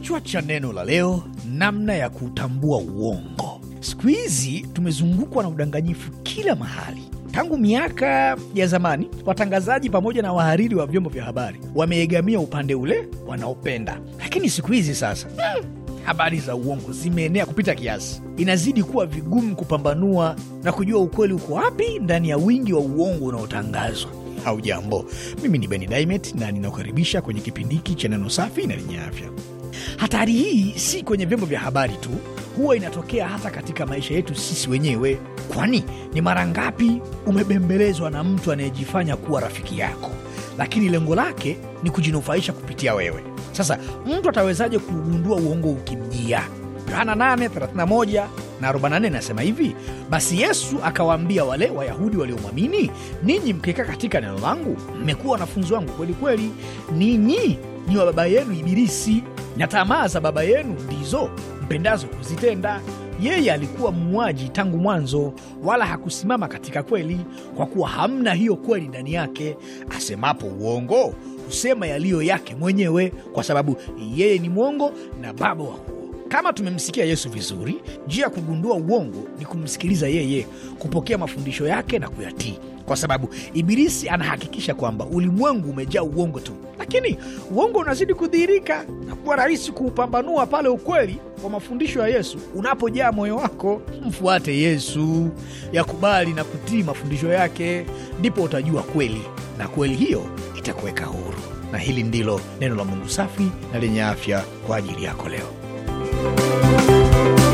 Kichwa cha neno la leo: namna ya kutambua uongo. Siku hizi tumezungukwa na udanganyifu kila mahali. Tangu miaka ya zamani, watangazaji pamoja na wahariri wa vyombo vya habari wameegamia upande ule wanaopenda, lakini siku hizi sasa, hmm, habari za uongo zimeenea kupita kiasi. Inazidi kuwa vigumu kupambanua na kujua ukweli uko wapi ndani ya wingi wa uongo unaotangazwa au jambo mimi ni Beni Dimet na ninakukaribisha kwenye kipindi hiki cha neno safi na lenye afya. Hatari hii si kwenye vyombo vya habari tu, huwa inatokea hata katika maisha yetu sisi wenyewe. Kwani ni mara ngapi umebembelezwa na mtu anayejifanya kuwa rafiki yako, lakini lengo lake ni kujinufaisha kupitia wewe? Sasa mtu atawezaje kugundua uongo ukimjia? Yohana 31 na 44 inasema hivi: basi Yesu akawaambia wale Wayahudi waliomwamini, ninyi mkikaa katika neno langu mmekuwa wanafunzi wangu kweli kweli. Ninyi ni wa baba yenu Ibilisi, na tamaa za baba yenu ndizo mpendazo kuzitenda. Yeye alikuwa muwaji tangu mwanzo, wala hakusimama katika kweli, kwa kuwa hamna hiyo kweli ndani yake. Asemapo uongo husema yaliyo yake mwenyewe, kwa sababu yeye ni mwongo na baba wa kama tumemsikia Yesu vizuri, njia ya kugundua uongo ni kumsikiliza yeye, kupokea mafundisho yake na kuyatii, kwa sababu Ibilisi anahakikisha kwamba ulimwengu umejaa uongo tu, lakini uongo unazidi kudhihirika na kuwa rahisi kuupambanua pale ukweli wa mafundisho ya Yesu unapojaa moyo wako. Mfuate Yesu, yakubali na kutii mafundisho yake, ndipo utajua kweli, na kweli hiyo itakuweka huru. Na hili ndilo neno la Mungu safi na lenye afya kwa ajili yako leo. Música